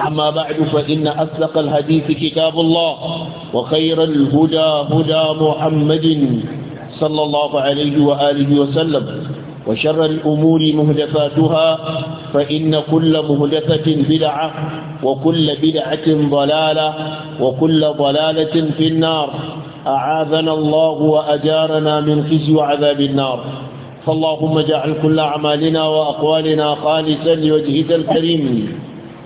أما بعد فإن أصدق الحديث كتاب الله وخير الهدى هدى محمد صلى الله عليه وآله وسلم وشر الأمور مهدفاتها فإن كل مهدفة بدعة وكل بدعة ضلالة وكل ضلالة في النار أعاذنا الله وأجارنا من خزي وعذاب النار فاللهم اجعل كل أعمالنا وأقوالنا خالصا لوجهك الكريم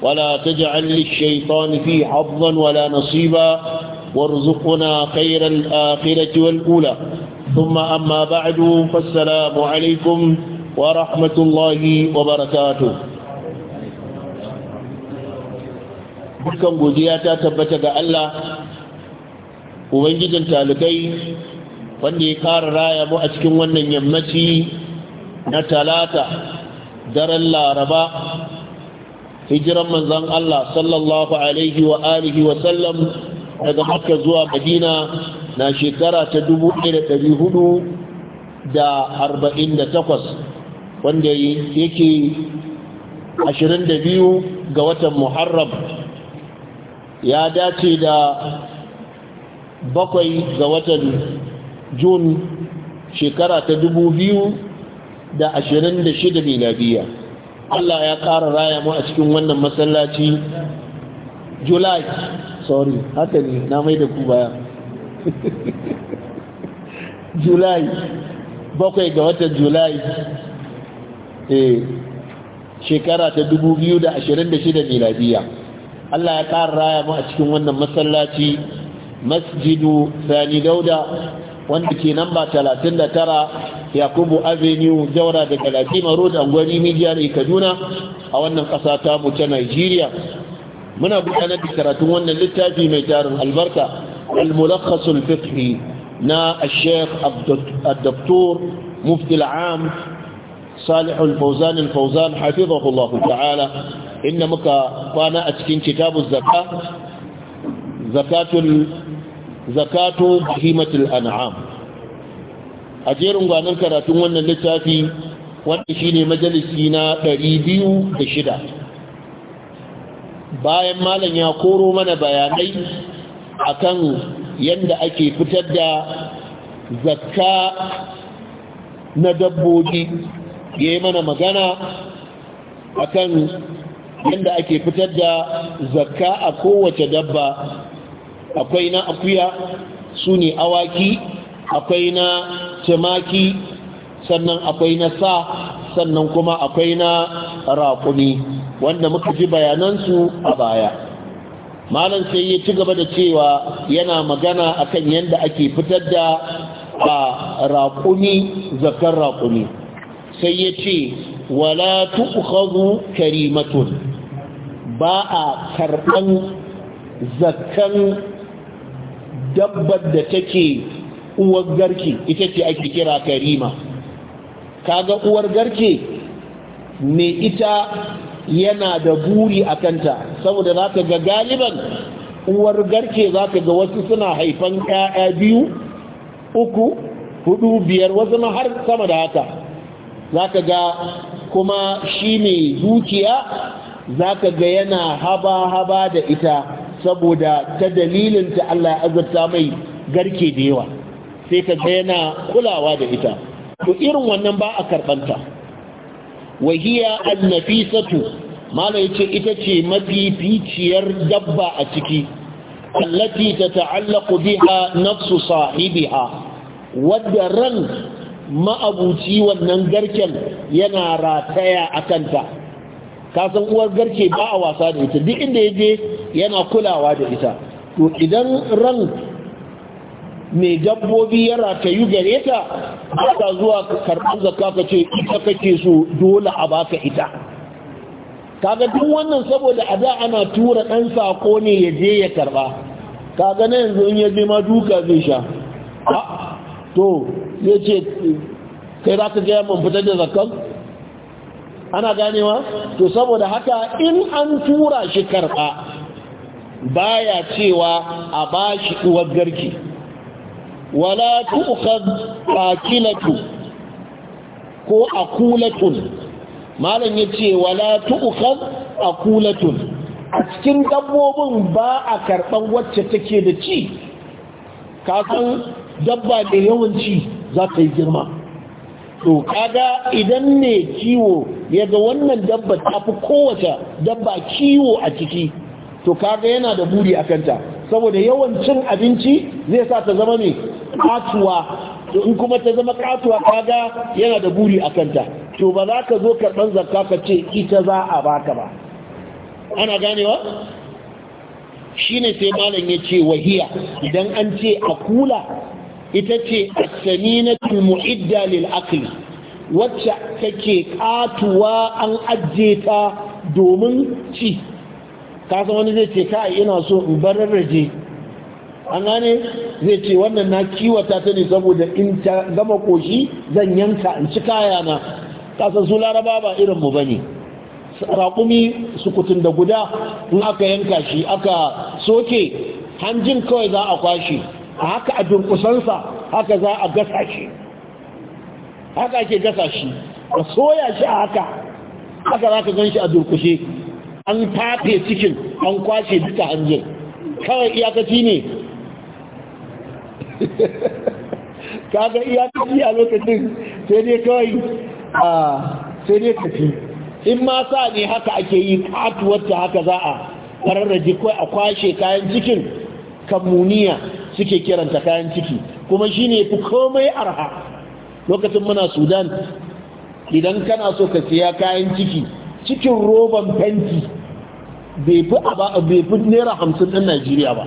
ولا تجعل للشيطان فيه حظا ولا نصيبا وارزقنا خير الآخرة والأولى ثم أما بعد فالسلام عليكم ورحمة الله وبركاته dukkan godiya ta tabbata ga Allah ubangijin talibai wanda ya kara raya mu a cikin wannan yammaci na talata daren laraba hijiran manzan Allah sallallahu alaihi wa alihi wa sallam daga makka zuwa madina na shekara ta 1448 wanda yake 22 ga watan muharram ya dace da bakwai ga watan jun shekara ta 2026 miladiya Allah ya ƙara raya mu a cikin wannan masallaci July sorry haka ne na mai da ku baya July bakwai ga watan July eh shekara ta 2026 miladiya Allah ya ƙara raya mu a cikin wannan masallaci Masjidu Sani Dauda wanda ke namba 39 yakubu avenue jaura daga lajima road angwani media ne kaduna a wannan ƙasa ta mu ta nigeria muna gudanar da karatun wannan littafi mai tarin albarka al-mulakhas al-fiqhi na al-sheikh al-doktor mufti al-am صالح الفوزان الفوزان حفظه الله تعالى إن مكا أتكين كتاب الزكاة زكاة zakatu bahimatul an'am a jerin gwanin karatun wannan littafi wanda shine majalisi na 206 bayan malam ya koro mana bayanai akan yanda ake fitar da zakka na dabbobi ya yi mana magana akan yanda ake fitar da zakka a kowace dabba akwai na akuya su ne awaki akwai na temaki sannan akwai na sa sannan kuma akwai na raƙumi wanda muka ji bayanansu a baya malam sai ya ci gaba da cewa yana magana akan yadda ake fitar da a raƙumi zakar raƙumi sai ya ce wala tu'khadhu karimatun ba a karɓan zakan dabbar da take uwar garke ita ce ake kira karima kaga uwar garke ne ita yana da buri a kanta saboda za ka ga galiban uwar garke za ka ga wasu suna haifan 'ya'ya biyu uku hudu biyar wasu na har sama da haka za ka ga kuma shi ne dukiya za ka ga yana haba-haba da ita saboda ta ta Allah ya azurta mai garke da yawa sai ka ga yana kulawa da ita to irin wannan ba a karɓanta wahiya annafisatu mala yace ita ce mafificiyar dabba a ciki allati tata'allaqu biha nafsu sahibiha wadda ran ma'abuci wannan garken yana rataya a kanta ka san uwar garke ba a wasa da ita duk inda ya je yana kulawa da ita to idan ran mai dabbobi ya ratayu gare ta ba zuwa karɓar zakka ka ce ita kake so dole a baka ita kaga duk wannan saboda a da ana tura ɗan sako ne ya je ya karɓa kaga na yanzu in ya je ma duka zai sha ah, to ya ce kai za ka gaya man fitar da zakkan ana ganewa to saboda haka in an tura shi karɓa baya cewa a bashi uwar garki wala tu'khad qaqilatu ko akulatun malam yace wala tu'khad akulatun a cikin dabbobin ba a karɓan wacce take da ci kasan dabba da yawanci za ta yi girma to kaga idan ne kiwo ya ga wannan dabba ta fi kowace dabba kiwo a ciki to kaga yana da buri a kanta saboda yawan cin abinci zai sa ta zama mai katuwa to in kuma ta zama katuwa kaga yana da buri a kanta to ba za ka zo karɓar zakka ka ce ita za a baka ba ana ganewa ne sai malam ya ce wahiya idan an ce akula ita ce asaminatul mu'idda lil akli wacce take katuwa an ajiye ta domin ci kasan wani zai ce ka ina so in raje. an gane zai ce wannan na kiwata ta ne saboda in ta gama koshi zan yanka in ci kayana kasan su laraba ba irin mu bane raƙumi sukutun da guda in aka yanka shi aka soke hanjin kawai za a kwashe a haka a dunkusansa haka za a gasa shi haka ake gasa shi ka soya shi a haka haka za ka gan shi a durkushe an tafe cikin an kwashe duka hanjin kawai iyakaci ne kaga iyakaci a lokacin sai dai kawai a sai dai kafi in ma sa ne haka ake yi katuwar ta haka za a fararraji kawai a kwashe kayan cikin kammuniya suke kiranta kayan ciki kuma shi ne fi komai arha lokacin muna sudan idan kana so ka siya kayan ciki cikin roban fenti bai fi naira hamsin ɗin najeriya ba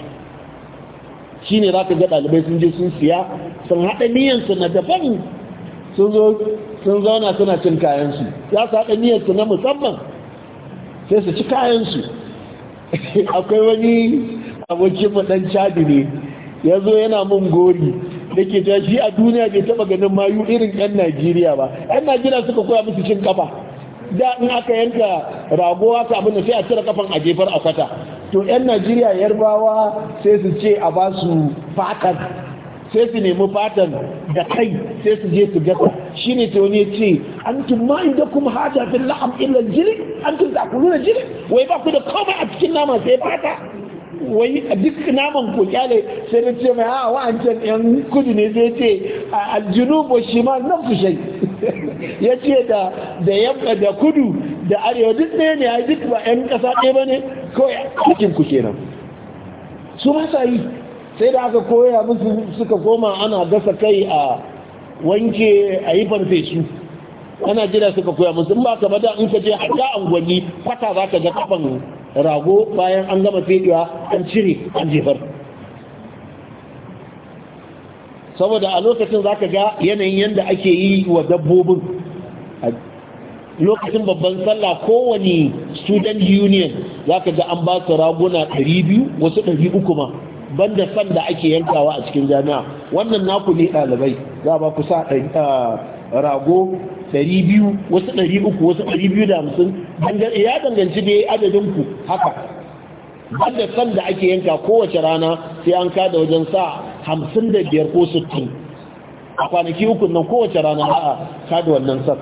shi ne za ka ga ɗalibai sun je sun siya sun haɗa niyansu na daban sun zo sun zauna suna cin kayansu Ya su haɗa niyansu na musamman sai su ci kayansu akwai wani abokin ɗan cadi ne ya zo yana mun gori da ke shi a duniya bai taba ganin mayu irin 'yan najeriya ba 'yan najeriya suka koya musu cin kafa da in aka yanka ragowa haka abin da sai a cire kafan a jefar a kwata to 'yan najeriya yarbawa sai su ce a ba su fatan sai su nemi fatan da kai sai su je su gasa shi ne tauni wani ya ce an tumma inda kuma hajjafin la'am illa jirin an tun zakuluna jirin wai ba ku da komai a cikin nama sai fata wai duk naman ku kyale sai na ce mai a ah, wa'ancan yan kudu ne sai ce aljunubu shi ma nan fushe ya ce da da yamma da kudu da arewa duk ɗaya ne ai duk ba yan ƙasa ɗaya ba ne kawai cikin ku kenan su ba sa yi sai da aka koya musu suka koma ana gasa kai a wanke a yi farfesu ana jira suka koya musu in ba ka bada in ka je har ga angwani kwata za ka ga kafan rago bayan an gama fedewa an cire an jefar saboda a lokacin za ka ga yanayin yadda ake yi wa dabbobin a lokacin babban sallah kowane student union za ka ga an ba su raguna 200 wasu 300 ma banda san da ake yankawa a cikin jami'a wannan naku ne ɗalibai za ba ku sa eh, rago ɗari biyu wasu ɗari uku wasu ɗari biyu da hamsin ya danganci adadin ku haka banda san da ake yanka kowace rana sai an kada wajen sa hamsin da biyar ko sittin a kwanaki uku nan kowace rana a kada wannan san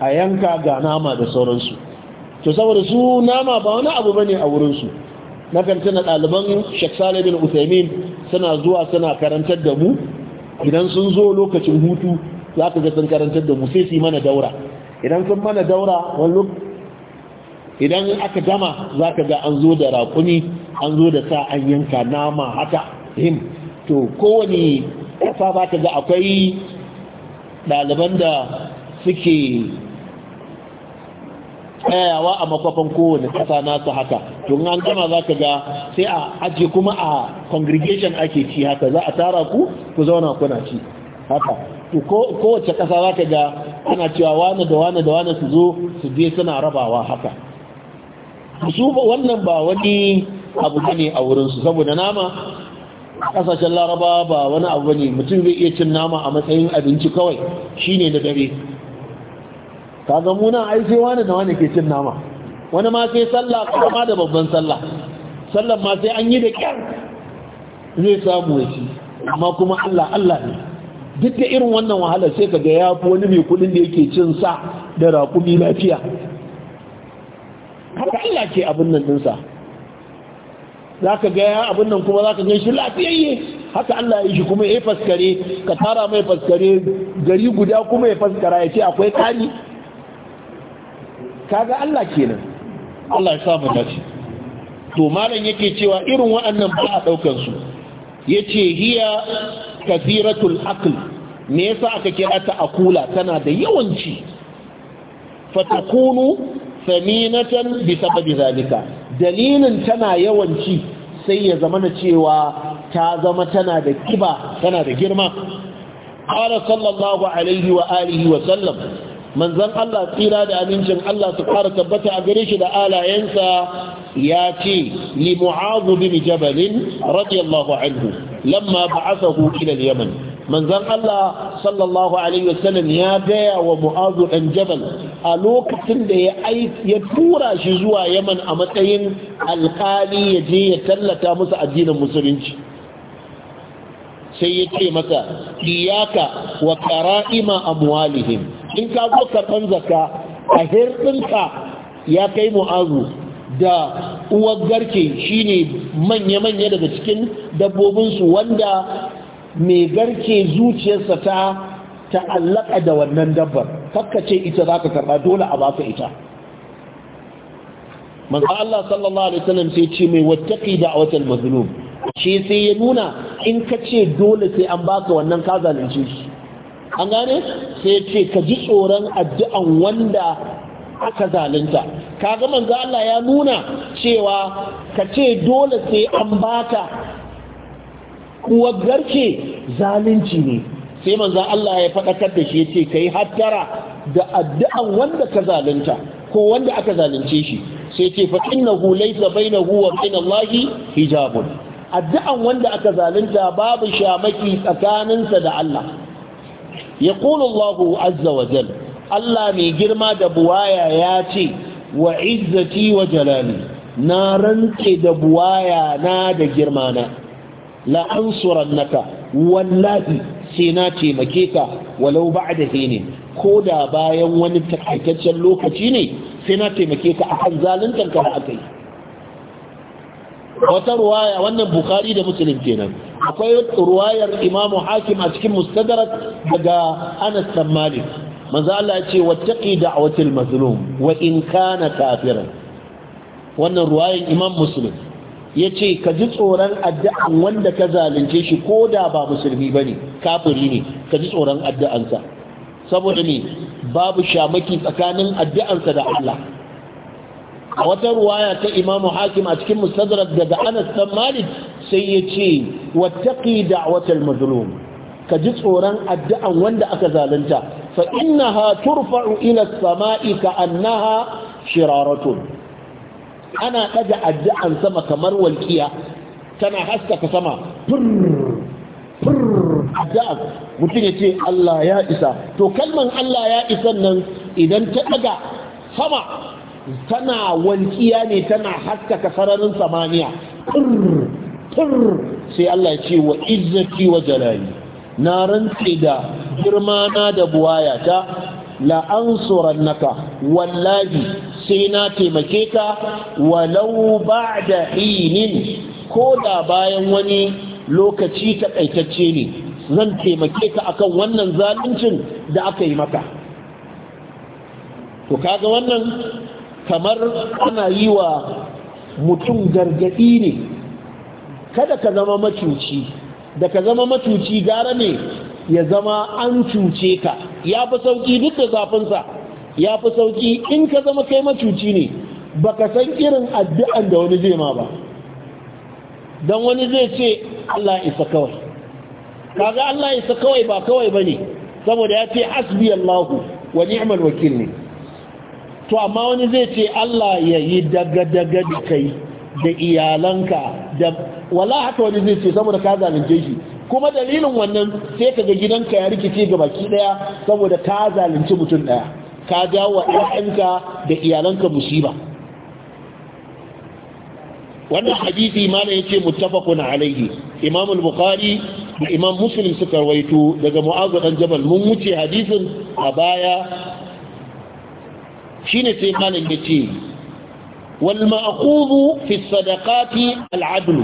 a yanka ga nama da sauransu to saboda su nama ba wani abu bane a wurinsu na na ɗaliban Sheikh Saleh bin Uthaymeen suna zuwa suna karantar da mu idan sun zo lokacin hutu za ka ga sun karantar da mu sai su mana daura idan sun mana daura wani idan aka gama za ka ga an zo da rakuni an zo da sa an yanka nama haka him to kowane ƙasa za ka ga akwai ɗaliban da suke tsayawa a makwafan kowane ƙasa nasu haka to an gama za ka ga sai a ajiye kuma a congregation ake ci haka za a tara ku ku zauna kuna ci haka to kowace ƙasa za ka ga ana cewa wane da wane da wane su zo su je suna rabawa haka su wannan ba wani abu ne a wurinsu saboda nama ƙasashen laraba ba wani abu ne mutum zai iya cin nama a matsayin abinci kawai shine da dare ka ga ai sai wani da wane ke cin nama wani ma sai sallah kuma da babban sallah sallan ma sai an yi da kyar zai samu ya amma kuma allah allah ne duk da irin wannan wahala sai ka ga ya fi wani mai kudin da yake cin sa da raƙumi lafiya haka Allah ke abin nan ɗinsa za ka ga abin nan kuma za ka gan shi lafiyayye haka Allah ya shi kuma ya faskare ka tara mai faskare gari guda kuma ya faskara ya ce akwai kari ga Allah kenan Allah ya samu dace to malam yake cewa irin waɗannan ba a ɗaukar su yace hiya kathiratul aql me yasa aka kira ta akula tana da yawanci fatakunu saminatan bi zalika dalilin tana yawanci sai ya zama na cewa ta zama tana da kiba tana da girma qala sallallahu alaihi wa alihi wa sallam manzon Allah tsira da amincin Allah su fara tabbata a gare shi da alayensa ya ce li mu'adh bin jabal radiyallahu anhu lamma ba'athahu ila al-yaman manzon Allah sallallahu alaihi wasallam ya gaya wa Mu'adh dan Jabal a lokacin da ya ya tura shi zuwa Yaman a matsayin alƙali ya je ya tallata musu addinin musulunci sai ya ce maka iyaka wa kara'ima amwalihim in ka zo ka zaka a hirɗinka ya kai mu'azu da uwar garke shine manya-manya daga cikin dabbobinsu wanda mai garke zuciyarsa ta ta'allaka da wannan dabbar ce ita za ka karɓa dole a baka ita manzo Allah sallallahu alaihi wasallam sai ce mai wattaqi da'watal mazlum shi sai ya nuna in ka ce dole sai an baka wannan ka zalunce shi an gane sai ce ka ji tsoron addu'an wanda aka zalunta kaga manzo Allah ya nuna cewa ka ce dole sai an baka kuwa garke zalunci ne sai manzo Allah ya faɗakar da shi yace kai hattara da addu'an wanda ka zalunta ko wanda aka zalunce shi sai ce fa innahu laysa bainahu wa bainallahi hijabun addu'an wanda aka zalunta babu shamaki tsakaninsa da Allah yaqulu Allahu azza wa jalla Allah mai girma da buwaya ya ce wa izzati wa jalali na rantse da buwaya na da girma na la ansurannaka wallahi sai na taimake ka walau da hinin ko da bayan wani takaitaccen lokaci ne sai na taimake ka akan zaluntar ka da aka yi wata ruwaya wannan bukhari da muslim kenan akwai ruwayar imamu hakim a cikin mustadrak daga anas dan malik manzo Allah ya ce wattaqi da'watil mazlum wa in kana kafiran wannan ruwayan imam muslim yace ka ji tsoron addu'an wanda ka zalunce shi koda ba musulmi bane kafiri ne ka ji tsoron addu'ansa saboda ne babu shamaki tsakanin addu'ansa da Allah a wata ruwaya ta imamu hakim a cikin mustadrak daga Anas bin Malik sai yace wattaqi da'watal mazlum ka ji tsoron addu'an wanda aka zalunta فإنها ترفع إلى السماء كأنها شرارة أنا addu'an أدعا سما كمر والكيا تنا حسك سما أدعا mutum ya ce Allah ya isa to kalman Allah ya isan nan idan ta ɗaga sama tana walƙiya ne tana haskaka sararin samaniya tur sai Allah ya ce wa izzati wa jalali na rantse da girma na da buwayata la ansurannaka wallahi sai na taimake ka walau ba'da hinin ko da bayan wani lokaci ta takaitacce ne zan taimake ka akan wannan zaluncin da aka yi maka to kaga wannan kamar ana yi wa mutum gargadi ne kada ka zama macuci da ka zama macuci gara ne ya zama an cuce ka ya fi sauki duk da zafinsa ya fi sauki in ka zama kai macuci ne ba ka san irin addu'an da wani zai ma ba don wani zai ce Allah isa kawai kaga Allah isa kawai ba kawai ba ne saboda ya ce Allah wa ni'mal wakil ne to amma wani zai ce Allah ya yi daga daga da kai da iyalanka da wala haka wani zai ce saboda ka zalunce shi kuma dalilin wannan sai ka ga gidanka ya rikice ga baki daya saboda ka zalunci mutum daya ka jawo ƴaƴanka da iyalanka musiba wannan hadisi mana yace muttafaqun alaihi imam al-bukhari da imam muslim suka rawaito daga mu'azu dan jabal mun wuce hadisin a baya shine sai malam yace والمأخوذ في الصدقات العدل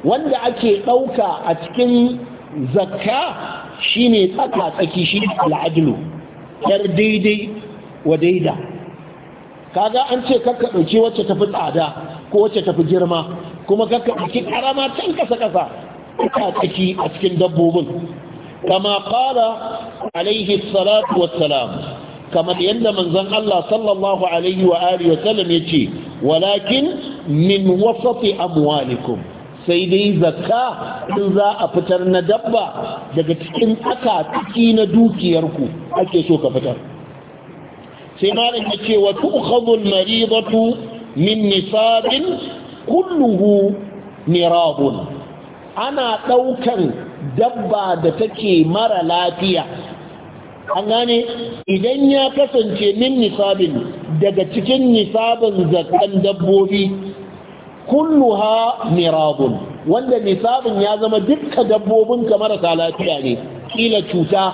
wanda ake ɗauka a cikin zakka shine tsaka tsaki shi al'adu yar daidai wa daida kaga an ce kakka ɗauki wacce tafi tsada ko wacce tafi girma kuma kakka ɗauki ƙarama can kasa kasa tsaka tsaki a cikin dabbobin kama ƙara alaihi salatu wassalam kamar yadda manzon Allah sallallahu alaihi wa alihi wa yace walakin min wasati amwalikum sai dai zakka in za a fitar na dabba daga cikin tsaka ciki na dukiyarku ake so ka fitar sai malam yace wa tu'khadhu al-maridatu min nisabin kulluhu miradun ana daukan dabba da take mara lafiya an gane idan ya kasance min nisabin daga cikin nisabin zakan dabbobi kullu kulluha mirabun wanda nisabin ya zama dukkan dabbobin kamar ta lafiya ne kila cuta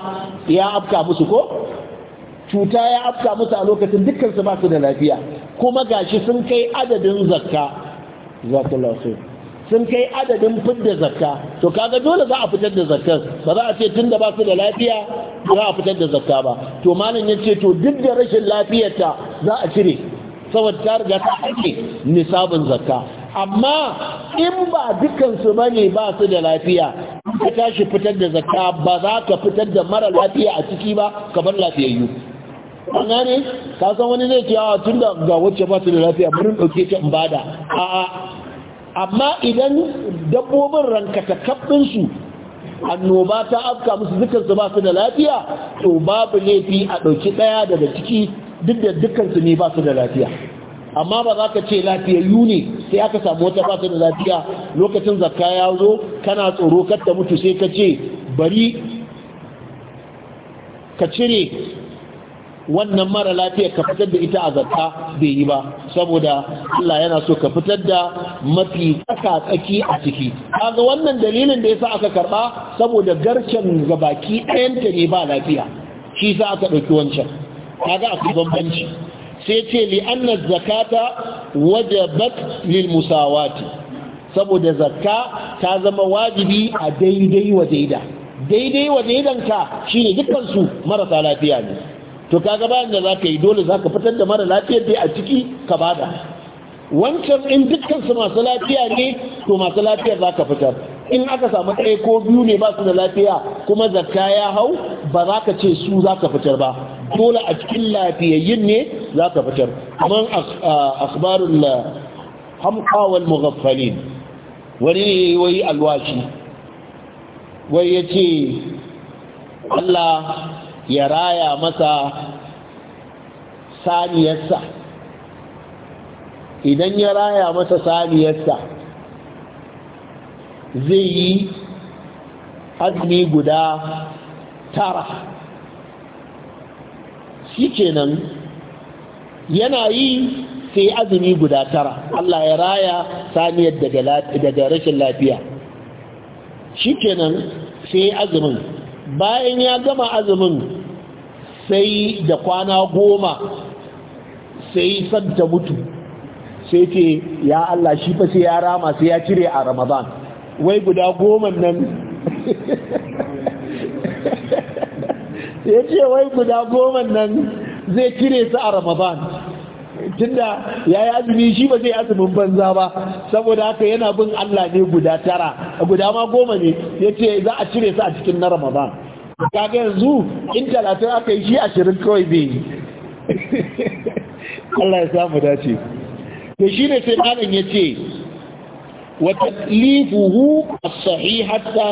ya afka musu ko cuta ya afka musu a lokacin dukkan su ba su da lafiya kuma gashi sun kai adadin zakka zakallahu sun kai adadin fidda zakka to kaga dole za a fitar da zakkar ba za a ce tun da ba su da lafiya za a fitar da zakka ba to malam ya ce to duk da rashin lafiyarta za a cire saboda ta riga ta ake nisabin zakka amma in ba dukansu su basu ba su da lafiya ka tashi fitar da zakka ba za ka fitar da mara lafiya a ciki ba kamar lafiyayyu an gane ka san wani zai ce ah, tun da ga wacce ba su da lafiya burin ɗauke ta in bada a'a amma idan dabbobin su annoba ta afka musu dukansu ba su da lafiya to babu laifi a ɗauki ɗaya daga ciki duk da su ne ba su da lafiya amma ba za ka ce lafiya yu ne sai aka samu wata ba su da lafiya lokacin zakka ya zo kana tsoro kar ta mutu sai ka ce bari ka cire wannan mara lafiya ka fitar da ita a zakka bai yi ba saboda Allah yana so ka fitar da mafi tsaka tsaki a ciki kaga wannan dalilin da yasa aka karba saboda garcen gabaki ɗayan ta ne ba lafiya shi sa aka ɗauki wancan kaga akwai bambanci sai ce li anna zakata wajabat lil musawati saboda zakka ta zama wajibi a daidai wa daida daidai wa daidanka shine dukkan su marasa lafiya ne to kaga bayan da ka yi dole zaka fitar da mara lafiyar dai a ciki ka bada wancan in dukkan su masu lafiya ne to masu lafiyar zaka fitar in aka samu ɗaya ko biyu ne ba su da lafiya kuma zakka ya hau ba za ka ce su za ka fitar ba dole a cikin lafiyayyin ne za ka fitar kamar akhbarul hamqa wal mughaffalin wani wai alwashi wai yace Allah ya raya masa saniyarsa idan ya raya masa saniyarsa zai yi azumi guda tara shi kenan yana yi sai azumi guda tara Allah ya raya saniyar daga rashin lafiya shi kenan sai azumin bayan ya gama azumin sai da kwana goma sai san ta mutu sai ce ya Allah shi fa sai ya rama sai ya cire a ramadan wai guda goma nan ya ce wai guda goma nan zai cire su a ramadan tunda ya yi azumi shi ba zai azumin banza ba saboda haka yana bin Allah ne guda tara guda ma goma ne ya ce za a cire su a cikin na ramadan kaga yanzu in talatin aka yi shi ashirin kawai bai yi Allah ya samu dace Da shi ne sai malam ya ce wa taklifuhu a sahihata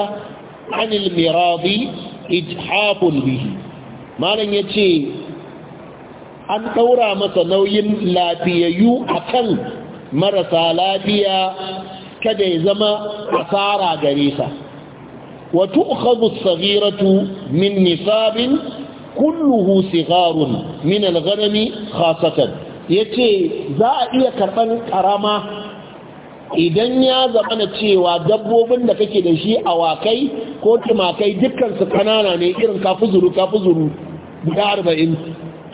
an al ijhabun bihi malam ya ce an ɗaura masa nauyin lafiyayyu akan marasa lafiya kada ya zama asara gare sa وتؤخذ الصغيرة من نصاب كله صغار من الغنم خاصة yace za a iya karɓar ƙarama idan ya zamana cewa dabbobin da kake da shi awakai ko tumakai su kanana ne irin kafuzuru kafuzuru guda arba'in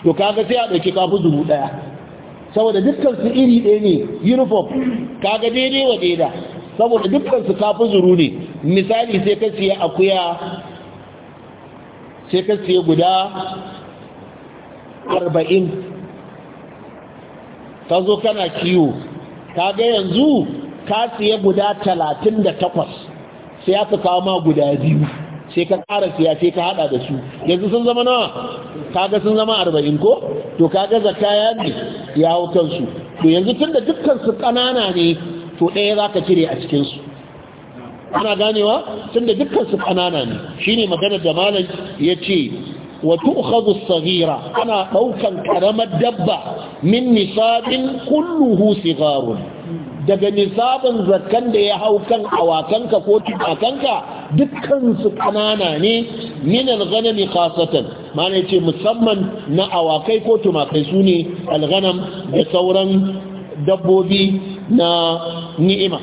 to kaga sai a ɗauki kafuzuru ɗaya saboda dukkan su iri ɗaya ne uniform kaga daidai wa daida saboda dukkan su kafi zuru ne misali sai ka siya akuya sai ka siya guda arba'in ka zo kana kiwo ka ga yanzu ka siya guda talatin da takwas sai aka kawo ma guda biyu sai ka ƙara siya sai ka hada da su yanzu sun zama nawa kaga sun zama arba'in ko to kaga zakaya ne ya hau kansu to yanzu tun da dukkan su ƙanana ne to ɗaya za ka cire a cikinsu ana ganewa tun da dukkansu ƙanana ne shi ne maganar da malam ya ce wato ukhadu ana ɗaukan ƙaramar dabba min nisabin kulluhu sigarun daga nisabin zakkan da ya hau kan awakanka ko tumakanka dukkansu ƙanana ne min alghanami khasatan mana ce musamman na awakai ko tumakai su ne alghanam da sauran dabbobi na ni'ima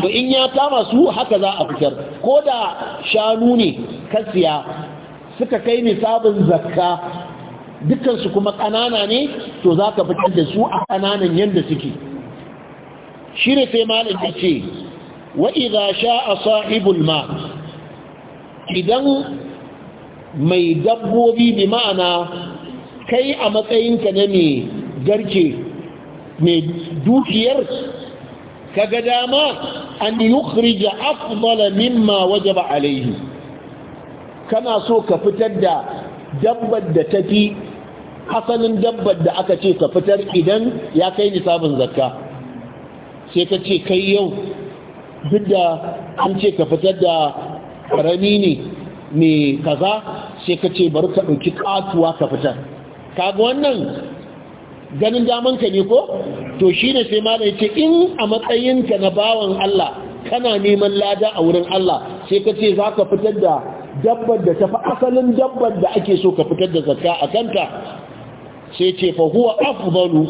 to in ya kama su haka za a fitar ko da shanu ne kasiya suka kai nisabin zakka dukansu kuma ƙanana ne to za ka fitar da su a ƙananan yadda suke shi ne sai malin ya ce wa'iza sha a sahibul ma idan mai dabbobi bi ma'ana kai a matsayinka na mai garke mai dukiyar kaga dama an yukhrija afdala mimma wajaba alaihi kana so ka fitar da dabbar da tafi asalin dabbar da aka ce ka fitar idan ya kai nisabin zakka sai ka ce kai yau duk da an ce ka fitar da karami ne mai kaza sai ka ce bari ka ɗauki katuwa ka fitar kaga wannan ganin damanka ne ko to shine sai malai ce in a matsayinka na bawan Allah kana neman lada a wurin Allah sai ka ce za ka fitar da dabbar da ta tafi asalin dabbar da ake so ka fitar da zakka a kanta sai ce fa huwa afdalu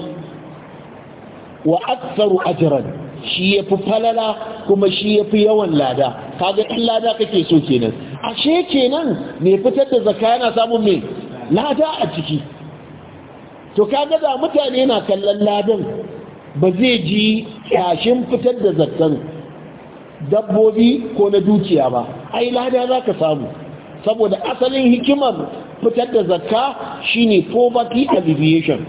wa aktharu ajran shi yafi falala kuma shi yafi yawan lada kaga in lada kake so kenan ashe kenan me fitar da zakka yana samun mai lada a ciki to kaga da mutane na kallon ladan ba zai ji kashin fitar da zaton dabbobi ko na dukiya ba ai lada za ka samu saboda asalin hikimar fitar da zakka shine poverty alleviation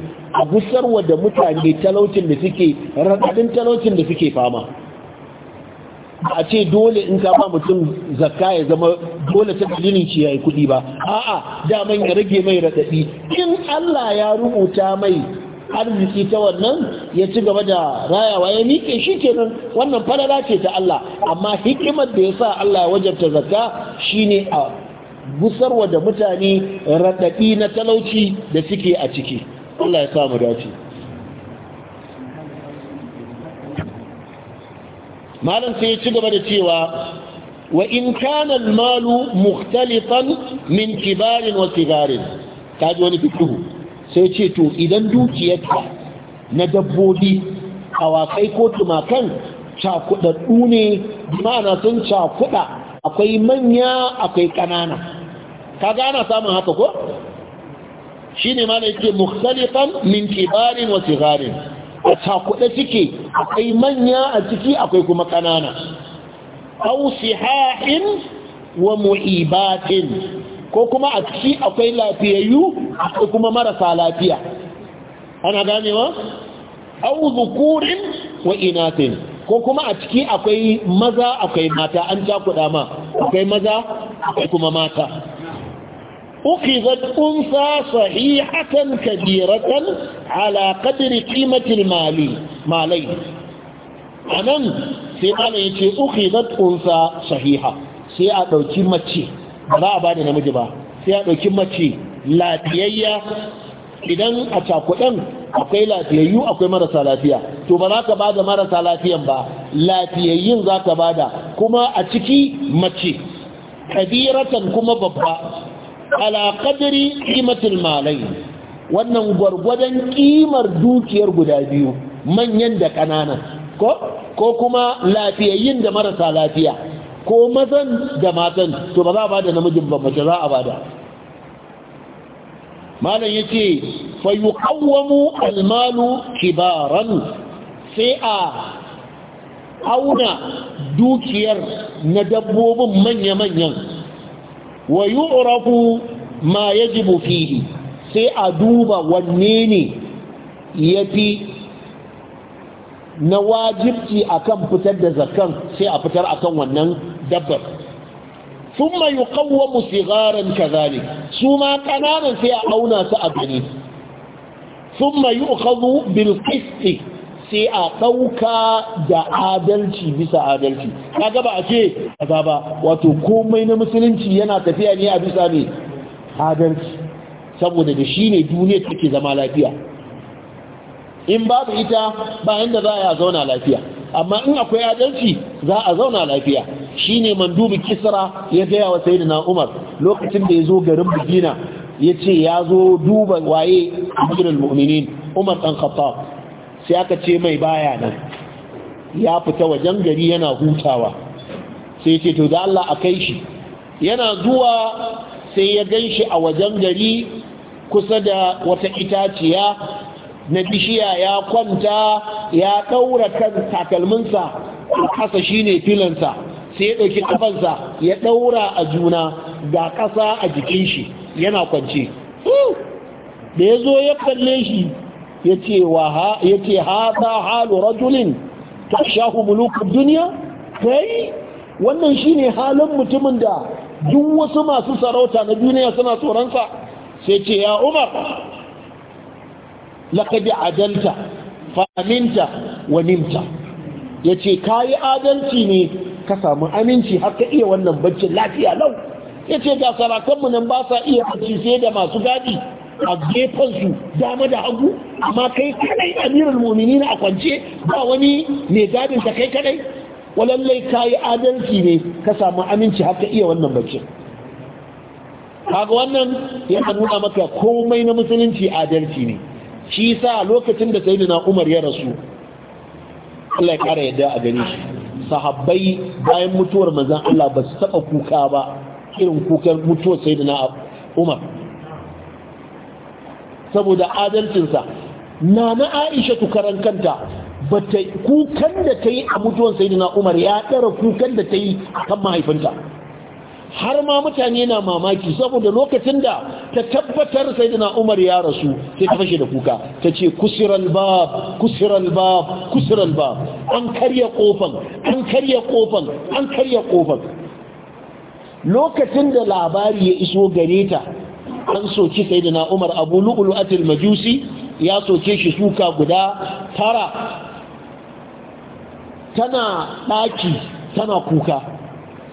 a gusarwa da mutane talaucin da suke raɗaɗin talaucin da suke fama a ce dole in ka ba mutum zakka ya zama dole ta dalilin shi yayi kuɗi ba a'a daman ya rage mai radadi in Allah ya rubuta mai arziki ta wannan ya ci gaba da rayawa ya miƙe shi kenan wannan farara ce ta Allah amma hikimar da ya sa Allah ya wajabta zakka shine a gusarwa da mutane radadi na talauci da suke a ciki Allah ya samu dace malam sai ya ci gaba da cewa wa in kana al-malu mukhtalifan min kibarin wa sigarin kaji wani fikihu sai ce to idan dukiyarka na dabbobi awakai ko tumakan cakudaddu ne ma'ana sun cakuda akwai manya akwai kanana ka gana samun haka ko shine ma ce yake mukhtalifan min kibarin wa sigarin a cakuɗe ciki, akwai manya a ciki akwai kuma ƙanana au sihahin wa mu'ibatin ko kuma a ciki akwai lafiyayyu akwai kuma marasa lafiya ana ganewa au kurin wa inatin ko kuma a ciki akwai maza akwai mata an cakuɗa ma akwai maza akwai kuma mata أخذت أنثى صحيحة كبيرة على قدر قيمة المال مالين anan sai malam ya ce uku zat unsa sahiha sai a ɗauki mace ba za a ba namiji ba sai a ɗauki mace lafiyayya idan a cakuɗan akwai lafiyayyu akwai marasa lafiya to ba za ka bada marasa lafiyan ba lafiyayyun za ka ba kuma a ciki mace kabiratan kuma babba ala qadri qimatil malai wannan gwargwadon ƙimar dukiyar guda biyu manyan da kanana ko ko kuma lafiyayyin da marasa lafiya ko mazan da matan to ba za a bada namijin ba mace za a bada malam yace fa yuqawwamu almalu kibaran sai a auna dukiyar na dabbobin manya-manyan wa yu'rafu ma yajibu fihi sai a duba wanne ne fi na wajibci akan fitar da zakan sai a fitar akan wannan dabbar thumma yuqawwamu sigaran kadhalik suma ƙananan sai a auna su a gani thumma yu'khadhu bil qisti sai a ɗauka da adalci bisa adalci kaga ba a ce kaza ba wato komai na musulunci yana tafiya ne a bisa ne adalci saboda da shi ne duniya take zama lafiya in babu ita bayan da za a zauna lafiya amma in akwai adalci za a zauna lafiya shi ne mandubi kisra ya gaya wa sayidina umar lokacin da ya zo garin bugina ya ce ya zo duba waye amirul mu'minin umar ɗan khattab sai aka ce mai baya nan ya fita wajen gari yana hutawa sai ce to da Allah a kai shi yana zuwa sai ya gan shi a wajen gari kusa da wata itaciya na bishiya ya kwanta ya ɗaura kan takalminsa kasa ne filansa sai ya ɗauki ƙafansa ya ɗaura a juna ga ƙasa a jikin shi yana kwance da ya zo ya kalle shi yace wa yace hada halu rajulin tashahu mulukud dunya kai wannan shine halin mutumin da duk wasu masu sarauta na duniya suna tsoronsa. sa sai ce ya Umar laqad adalta fa aminta wa nimta yace yi adalci ne ka samu aminci har ka iya wannan baccin lafiya lau ce ga sarakanmu nan ba sa iya bacci sai da masu gadi a gefansu dama da hagu amma kai kadai amirul mumini na a kwance ba wani mai gadin ta kai kadai walallai ka yi adalci ne ka samu aminci haka iya wannan bakin kaga wannan ya nuna maka komai na musulunci adalci ne shi sa lokacin da sayyidina Umar ya rasu Allah ya kara yadda a gani shi sahabbai bayan mutuwar manzon Allah ba su taba kuka ba irin kukan mutuwar sayyidina Umar saboda adalcinsa na na aisha karan kanta bata kukan da ta yi a mutuwan sayyidina umar ya ɗara kukan da ta yi a kan mahaifinta har ma mutane na mamaki saboda lokacin da ta tabbatar sayyidina umar ya rasu sai ta fashe da kuka ta ce kusiral ba, kusiral ba, kusiral ba, an karya kofan an karya kofan an karya kofan lokacin da labari ya iso gare ta an soki sayyidina Na'umar Abu Lu'lu'at al-Majusi ya soke shi suka guda tara tana daki tana kuka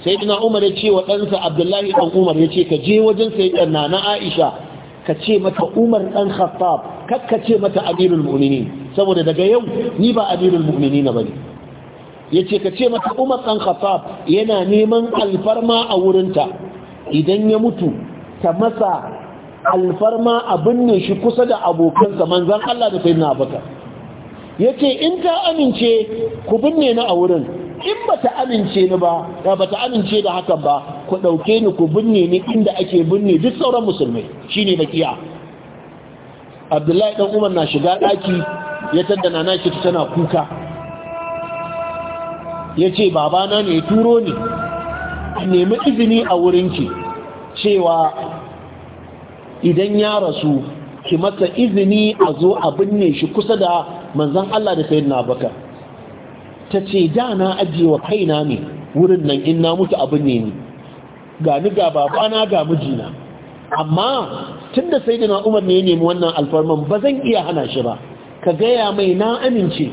sayyidina Na'umar ya ce wa ɗansa Abdullahi dan Umar ya ce ka je wajen sayyidina na Aisha ka ce mata Umar dan Khattab kakka ce mata Amirul Mu'minin saboda daga yau ni ba Amirul Mu'minin bane yace ka ce mata Umar Ɗan Khattab yana neman alfarma a wurinta idan ya mutu ta masa alfarma a binne shi kusa da abokansa manzan Allah da sayyidina Ya yace in ta amince ku binne ni a wurin in bata amince ni ba da bata amince da hakan ba ku ɗauke ni ku binne ni inda ake binne duk sauran musulmai shine bakiya Abdullahi ɗan Umar na shiga ɗaki ya taddana na shi tana kuka yace babana ne turo ni nemi izini a wurinki cewa idan ya rasu ki masa izini a zo a binne shi kusa da manzan Allah da sayin nabaka ta ce da na ajiye wa kaina ne wurin nan in na mutu a binne ni ga ga babana ga mijina amma tunda na Umar ne ya nemi wannan alfarman ba zan iya hana shi ba ka gaya mai na amince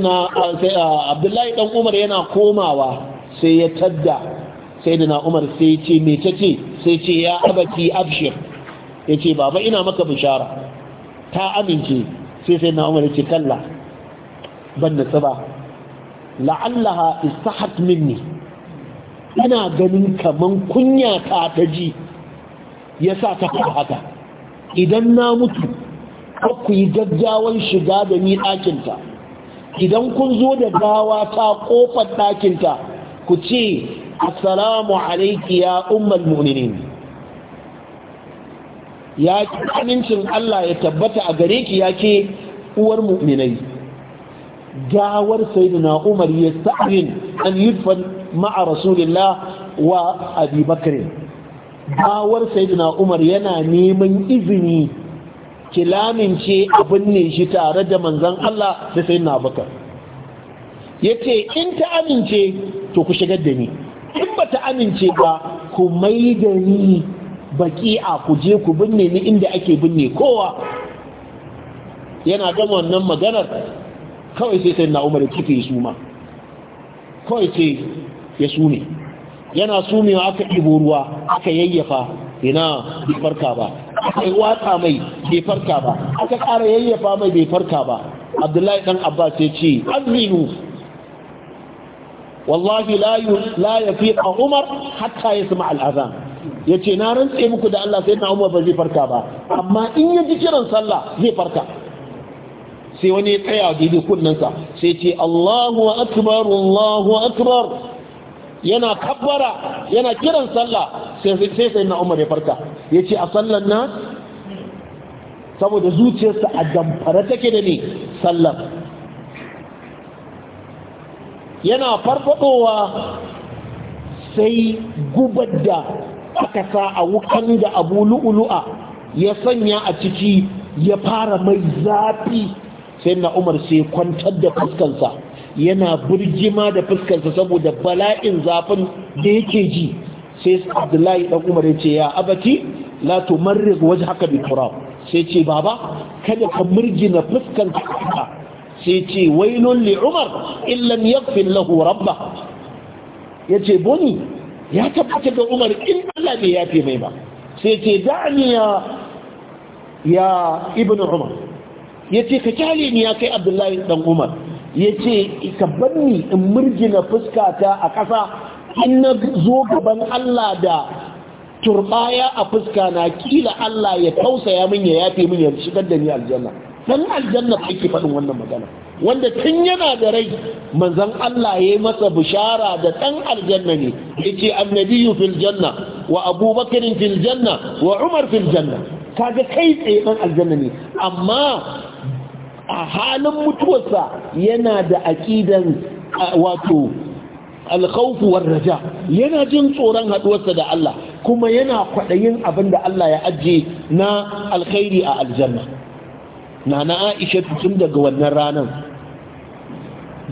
na abdullahi dan umar yana komawa sai ya tadda na umar sai ce ta ce sai ce ya abati abshir ya ce baba ina maka bishara ta amince sai sai na umar ya ce kalla ban nutsu ba la'allaha istahat minni ina ganin kaman kunya ta ji ya sa ta haka idan na mutu ku yi gaggawan shiga da ni ɗakinta idan kun zo da gawa ta ƙofar ɗakinta ku ce assalamu alaiki ya ummal mu'minin ya amincin Allah ya tabbata a gare ki ke uwar mu'minai gawar sayyidina Umar ya sa'in an yudfan ma'a rasulillah wa Abi Bakr gawar sayyidina Umar yana neman izini kilamince abin ne shi tare da manzon Allah da sayyidina Abubakar yace in ta amince to ku shigar da ni in ba ta amince ba ku mai da ni a ku je ku binne ni inda ake binne kowa yana gama wannan maganar kawai sai sai na umar kife su ma kawai sai ya sume yana sumewa aka ɗibo ruwa aka yayyafa ina bai farka ba aka watsa mai bai farka ba aka ƙara yayyafa mai bai farka ba abdullahi ɗan abbas ya ce azminu wallahi la la yafiqa umar hatta yasma al-azan yace na rantse muku da Allah sai na umar ba zai farka ba amma in ya ji kiran sallah zai farka sai wani ya tsaya daidai kunnensa sai ce Allahu akbar Allahu akbar yana kabbara yana kiran sallah sai sai na Umar ya farka yace a sallan nan saboda zuciyarsa a damfara take da ni sallar yana farfadowa sai gubar da aka sa a wukan da abu lu'ulu'a ya sanya a ciki ya fara mai zafi sai na umar sai kwantar da fuskansa yana birgima da fuskansa saboda bala'in zafin da yake ji sai abdullahi ɗan umar ya ce ya abati la tumarrig wajhaka bi turab sai ce baba kada ka murgina fuskanka sai ce wailun li umar illam yaghfir lahu rabba yace boni ya tabbata ga umar in Allah bai yafe mai ba sai ce da'ani ya ya ibn umar yace ka kyale ni ya kai abdullahi dan umar yace ka banni in murgina fuskata a ƙasa in na zo gaban Allah da turbaya a fuska na kila Allah ya tausaya min ya yafe min ya shigar da ni aljanna dan aljanna ba yake faɗin wannan magana wanda tun yana da rai manzon Allah ya yi masa bishara da dan aljanna ne yace annabiyyu fil janna wa abubakar fil janna wa umar fil janna kaga kai tsaye dan aljanna ne amma a halin mutuwarsa yana da aqidan wato alkhawfu war raja yana jin tsoron haduwarsa da Allah kuma yana kwaɗayin abin da Allah ya ajiye na alkhairi a aljanna Na na aisha tun daga wannan ranar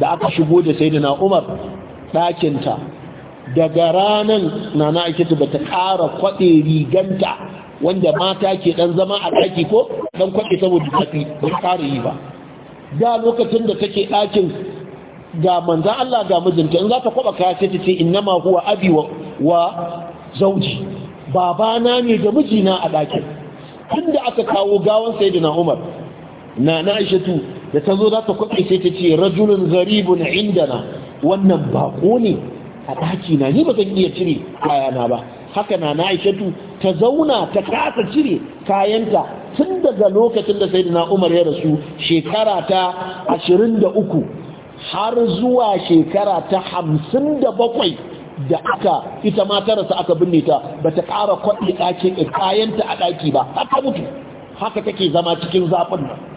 da aka shigo da sai umar ɗakinta daga ranar na aisha ba ta ƙara kwaɗe riganta wanda mata ke ɗan zama a ɗaki ko ɗan kwaɗe saboda tafi ba ta ƙara yi ba da lokacin da take ɗakin ga manzan Allah ga mijinta in za ta kwaɓa kaya sai ta ce in nama huwa abi wa zauji babana ne da mijina a ɗakin tun da aka kawo gawan sai umar na na aishatu da ta zo za ta kwaɓe sai ta ce rajulun garibun indana wannan bako ne a ɗaki na ni ba zan iya cire kayana ba haka na na aishatu ta zauna ta kasa cire kayanta tun daga lokacin da sai na umar ya rasu shekara ta ashirin da uku har zuwa shekara ta hamsin da bakwai da aka ita ma ta rasa aka binne ta ba ta ƙara kwaɗe kayanta a ɗaki ba haka mutu haka take zama cikin zafin nan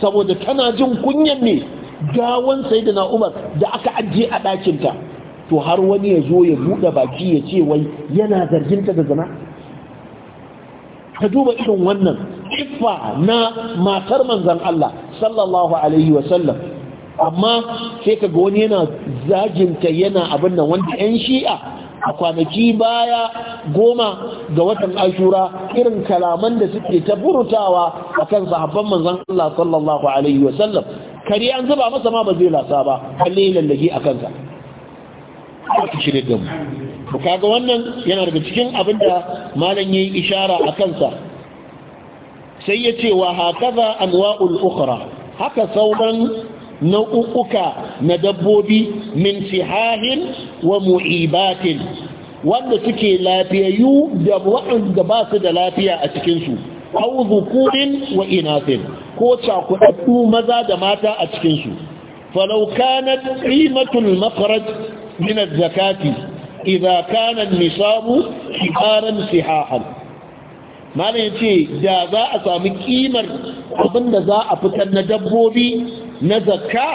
saboda tana jin kunyan ne gawan da Umar da aka ajiye a ɗakinta to har wani ya zo ya buɗe baki ya ce wai yana zarginta da zina ka duba irin wannan iffa na matar manzan Allah sallallahu alaihi wasallam amma sai ka ga wani yana zaginta yana abin nan wanda 'yan shi'a a kwanaki baya goma ga watan ashura irin kalaman da suke ta burutawa a kan sahabban manzan Allah sallallahu alaihi wasallam kari an zuba masa ma ba zai lasa ba kalle lallahi a kansa shirye da mu kaga wannan yana daga cikin abin da malam yi ishara a kansa sai ya ce wa haka hakaza anwa'ul ukhra haka sauran nau'uka na dabbobi min fihahin wa mu'ibatin wanda suke lafiyayyu da waɗanda ba su da lafiya a cikinsu au zukurin wa inafin ko cakuɗaɗɗu maza da mata a cikinsu falau kanat qimatul makhraj min az-zakati idza nisabu an-nisabu hibaran sihahan malam da za a sami ƙimar abinda za a fitar na dabbobi na zakka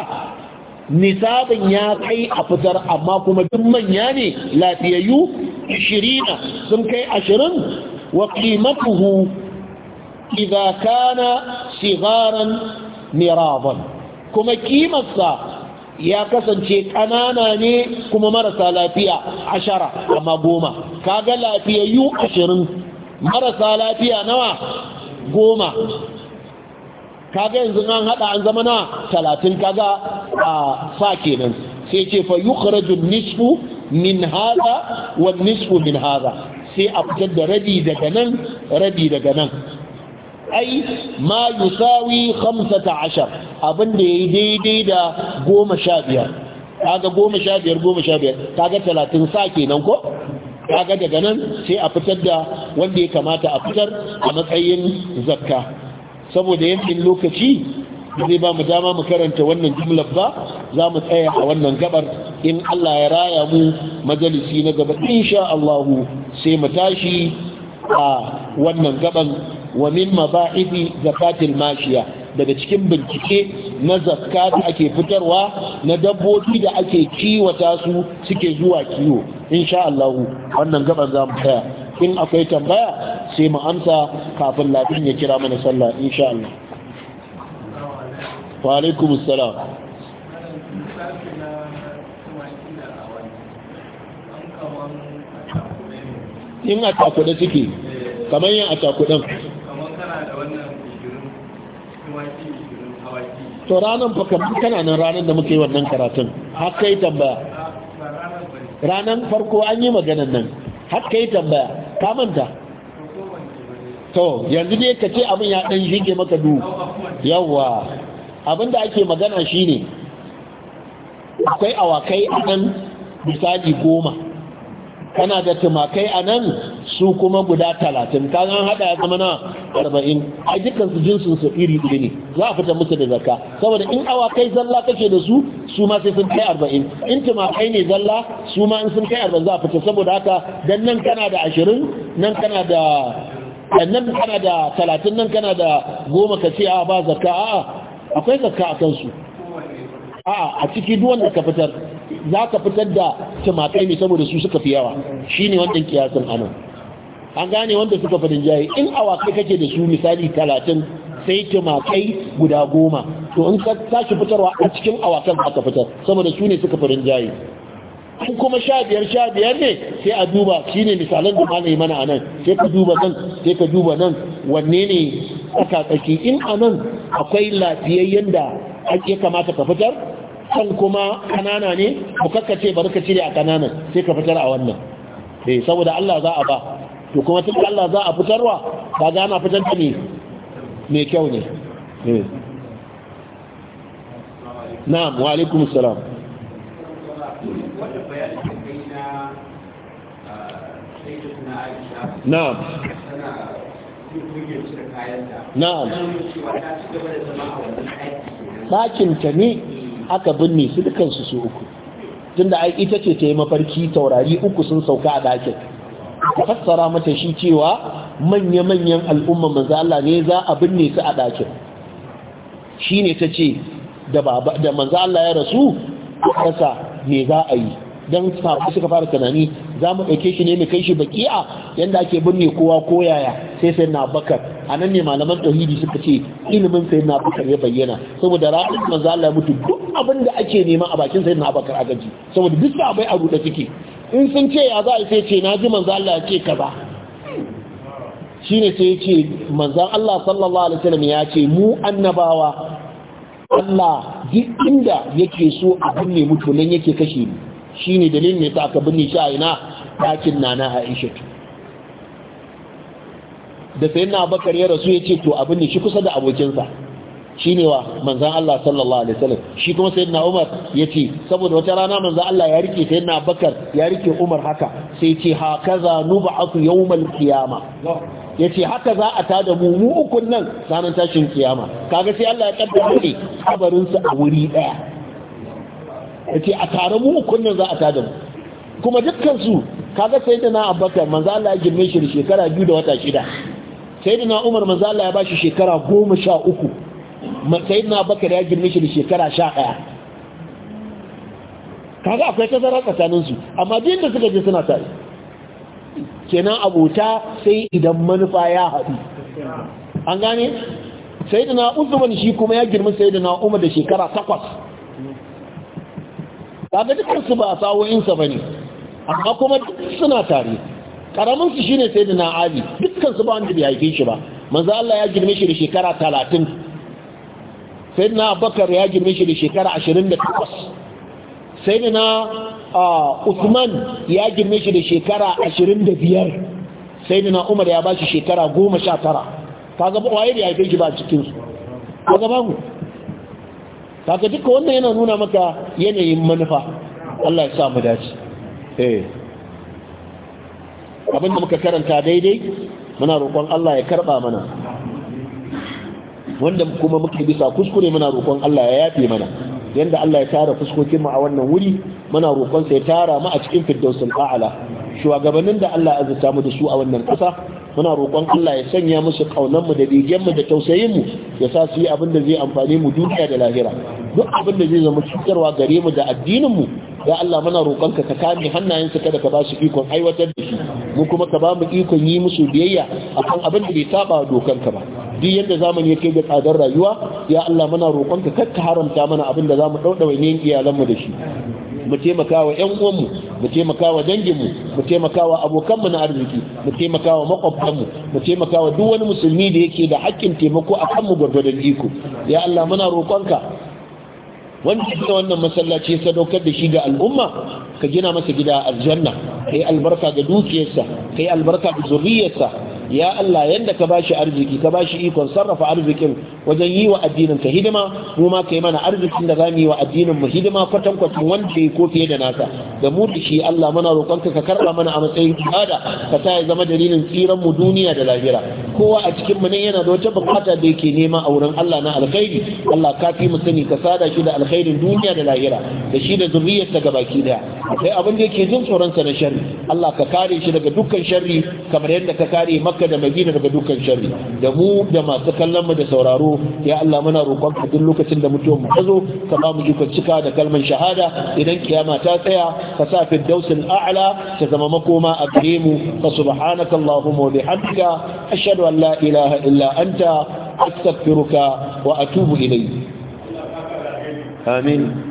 nisabin ya kai a fitar amma kuma duk manya ne lafiyayyu 20 sun kai 20 wa qimatuhu idza kana sigaran miradan kuma kimarsa ya kasance kanana ne kuma marasa lafiya ashara amma goma kaga lafiyayyu 20 marasa lafiya nawa goma kaga yanzu an hada an zama na talatin kaga a sa kenan sai ce fa yukhraju nisfu min hada wa nisfu min hada sai a fitar da rabi daga nan rabi daga nan ai ma yusawi 15 abinda yayi daidai da 15 kaga 15 15 kaga 30 sa kenan ko kaga daga nan sai a fitar da wanda ya kamata a fitar a matsayin zakka saboda yankin lokaci zai ba mu dama mu karanta wannan jumlar ba za mu tsaya a wannan gabar in Allah ya raya mu majalisi na gaba insha Allah sai mu tashi a wannan gaban wa min maba'ithi zakatil mashiya daga cikin bincike na zakka da ake fitarwa na dabbobi da ake kiwata su suke zuwa kiwo insha Allah wannan gaban za mu tsaya in akwai tambaya sai mu amsa kafin labin ya kira mana sallah insha Allah wa alaikum assalam in a takwada suke kamar yin a takudan to ranar fakamci kana nan ranar da muke wannan karatun haka yi tambaya ranar farko an yi maganan nan haka yi tambaya ka to yanzu dai ka ce abin ya ɗan shige maka du yawwa abin da ake magana shi ne. akwai awakai a nan misali goma kana da tumakai a nan su kuma guda talatin ka an hada ya zama na arba'in a dukkan su jinsin su iri iri ne za a fita musu da zakka saboda in awa kai zalla kake da su su ma sai sun kai arba'in in kai ne zalla su ma in sun kai arba'in za a fita saboda haka dan nan kana da ashirin nan kana da nan kana da talatin nan kana da goma ka ce a ba zakka a'a akwai zakka a kansu a'a a ciki duk wanda ka fitar za ka fitar da tumakai ne saboda su suka fi yawa shine wannan kiyasin anan an gane wanda suka fi rinjaye in awakai kake da su misali talatin sai tumakai guda goma to in ka tashi fitarwa a cikin awakan aka fitar saboda su ne suka fi rinjaye in kuma sha biyar sha biyar ne sai a duba shi ne misalan da malai mana a nan sai ka duba nan sai ka duba nan wanne ne tsaka tsaki in a nan akwai lafiyayyen da ake kamata ka fitar kan kuma kanana ne bukakka ce bari ka cire a kananan sai ka fitar a wannan eh saboda Allah za a ba to kuma tun Allah za a fitarwa ba ga ana fitar da ne mai kyau ne eh. na'am wa alaikum salam na'am na'am ɗakinta ne aka binne su dukansu su uku tunda ai ita ce ta yi mafarki taurari uku sun sauka a ɗakin ka fassara mata shi cewa manya-manyan al'umma maza Allah ne za a binne su a ɗakin shi ne ta ce da maza Allah ya rasu kasa me za a yi don sabu suka fara tunani za mu ɗauke shi ne mai kai shi a yadda ake binne kowa ko yaya sai sai na bakar a nan ne malaman tauhidi suka ce ilimin sai na bakar ya bayyana saboda ra'ayin maza Allah ya mutu duk abin da ake nema a bakin sai na bakar a gaji saboda duk sabai a ruɗe suke in sun ce ya za a sai ce na ji manzan Allah ya ce kaza ne sai ce manzan Allah sallallahu alaihi wasallam ya ce mu annabawa Allah duk inda yake so a binne mutu nan yake kashe ni ne dalilin ne ta aka binne shi a ina ɗakin nana Aisha da sayyidina Abubakar ya rasu ya ce to a binne shi kusa da abokinsa shine wa manzan Allah sallallahu alaihi wasallam shi kuma sayyidina Umar yace saboda wata rana manzan Allah ya rike sayyidina Abubakar ya rike Umar haka sai ce hakaza nub'atu yawmal qiyama yace haka za a tada mu mu ukun nan sanan tashin kiyama kaga sai Allah ya kaddara ne kabarin su a wuri daya yace a tare mu ukun nan za a tada mu kuma dukkan su kaga sayyidina Abubakar manzan Allah ya girme shi shekara biyu da wata shida sayyidina Umar manzan Allah ya bashi shekara goma sha uku matsayin na bakar ya girme shi da shekara sha ɗaya kaga akwai tazara tsakaninsu amma biyun da suka je suna tare kenan abota sai idan manufa ya haɗu an gane sai da na uzuman shi kuma ya girma sai da na umar da shekara takwas kaga dukansu ba a sawo'insa ba ne amma kuma suna tare karaminsu shi ne sai da na ali dukansu ba wanda bai haife shi ba manzo Allah ya girme shi da shekara talatin sayyidina abubakar ya girme shi da shekara 28 sayyidina ah, usman ya girme shi da shekara 25 sayyidina umar ya ba shi shekara 19 Ta ba waye da haife shi ba cikinsu? su kaga ba mu kaga duka wannan yana nuna maka yanayin manufa Allah ya sa mu dace eh abinda muka karanta daidai muna roƙon Allah ya karɓa mana wanda kuma muke bisa kuskure muna roƙon Allah ya yafe mana yanda Allah ya tara fuskokin mu a wannan wuri muna roƙon sa ya tara mu a cikin firdausul a'la shugabannin da Allah azurta mu da su a wannan ƙasa muna roƙon Allah ya sanya musu kaunan mu da bigen mu da tausayin mu ya sa su yi abin da zai amfani mu duniya da lahira duk abin da zai zama cutarwa gare mu da addinin mu ya Allah muna roƙon ka ka kame hannayen su kada ka ba su ikon aiwatar da shi mu kuma ka ba mu ikon yi musu biyayya akan abin da bai saba dokan ka ba duk yadda zamani ya kai ga tsadar rayuwa ya Allah muna roƙonka kar ka haramta mana abin da zamu daudawa ne iyalanmu da shi mu taimaka wa ƴan uwanmu mu taimaka wa danginmu mu taimaka wa abokanmu na arziki mu taimaka wa makwabtanmu mu taimaka wa duk wani musulmi da yake da haƙƙin taimako a mu gwargwadon iko ya Allah muna roƙonka wanda ya wannan masallaci sadaukar da shi ga al'umma ka gina masa gida a aljanna kai albarka ga dukiyarsa kai albarka ga zuriyarsa ya Allah yanda ka bashi arziki ka bashi ikon sarrafa arzikin wajen yi wa addinin ka hidima mu ma kai mana arzikin da zamu yi wa addinin mu hidima kwatan kwatan wanda ko fiye da naka da mu shi Allah muna rokonka ka karba mana a matsayin ibada ka sa ya zama dalilin tsiran mu duniya da lahira kowa a cikin mu ne yana da wata bukata da yake nema a wurin Allah na alkhairi Allah ka fi mu sani ka sada shi da alkhairin duniya da lahira da shi da zuriyarsa gabaki daya akwai abin da yake jin tsoron sa na sharri Allah ka kare shi daga dukkan sharri kamar yadda ka kare maka makka da madina daga dukkan sharri da mu da masu kallon mu da sauraro ya Allah muna roƙon ka duk lokacin da mutuwar mu ta zo ka ba mu dukan cika da kalman shahada idan kiyama ta tsaya ka sa fi dausin a'la ta zama makoma a gare mu fa subhanaka allahumma wa bihamdika ashhadu an la ilaha illa anta astaghfiruka wa atubu ilayk amin